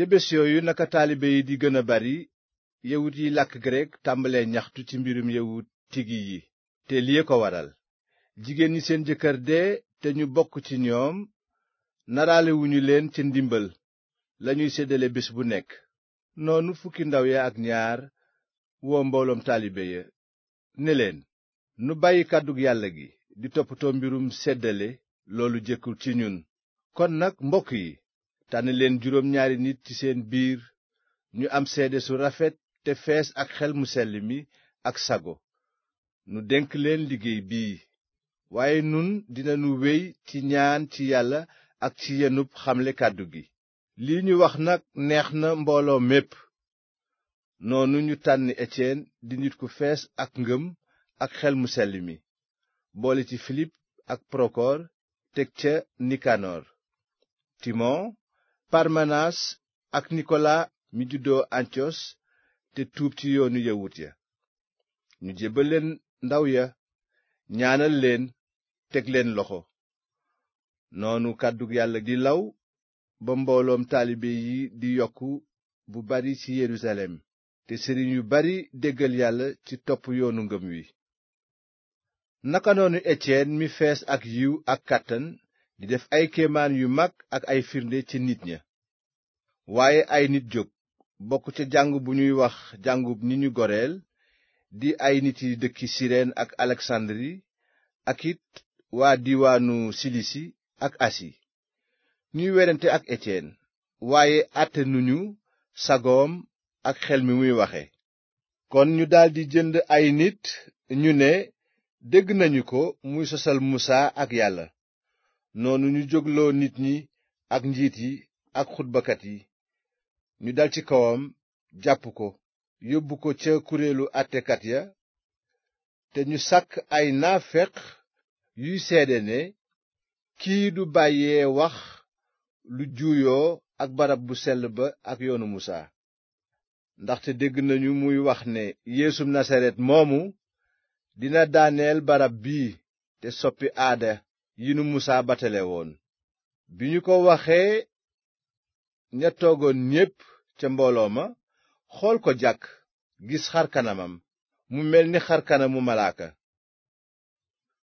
ca bés yooyu naka taalibe yi di gën a bari yawut yi làkk grek tàmbalee ñaxtu ci mbirum yawut tigi yi te lii ko waral jigéen ñi seen jëkkër de te ñu bokk ci ñoom naraalewuñu leen ci ndimbal lañuy séddale bés bu nekk noonu fukki ndaw ya ak ñaar woo mbooloom taalibe ya ne leen nu bàyyi kàddug yàlla gi di toppatoo mbirum seddale loolu jëkkul ci ñun kon nag mbokk yi tànn leen juróom ñaari nit ci seen biir ñu am seede su rafet te fees ak xel mu sell mi ak sago nu denk leen liggéey bii waaye nun dinanu wéy ci ñaan ci yàlla ak ci yenub xamle kàddu gi lii ñu wax nag neex na mbooloo mépp noonu ñu tànn Étienne di nit ku fees ak ngëm ak xel mu sell mi boole ci Filip ak Prokoor teg ca Nikanoor parmenas ak nikola mi juddoo antiyos te tuub ci yoonu yawut ya ñu jébbal leen ndaw ya ñaanal leen teg leen loxo noonu kàddug yàlla di law ba mbooloom taalibe yi di yokk bu bari ci yerusalem te sëriñ yu bari déggal yàlla ci topp yoonu ngëm wi naka noonu etiyen mi fees ak yiw ak kàttan di def ay kéemaan yu mag ak ay firnde ci nit ña waaye ay nit jóg bokk ca jàng bu ñuy wax jàngub ni ñu goreel di ay nit yi dëkki sireen ak aleksandri ak waa diiwaanu silisi ak asi ñuy werante ak Etiyen waaye àtte nuñu sagoom ak xel mi muy waxe kon ñu daldi jënd ay nit ñu ne dégg nañu ko muy sosal Musaa ak yàlla noonu ñu jógloo nit ñi ak njiit yi ak xutbakat yi ñu dal ci kawam jàpp ko yóbbu ko ca kuréelu àttekat ya te ñu sàkk ay naafeq yuy seede ne kii du bàyyee wax lu juuyoo ak barab bu sell ba ak yoonu musaa ndaxte dégg nañu muy wax ne yeesum nasaret moomu dina daaneel barab bii te soppi aada yi nu musaa batale woon bi ñu ko waxee ña toogoon ñépp ca mbooloo ma xool ko jàkk gis xar kanamam mu mel ni xar kanamu malaaka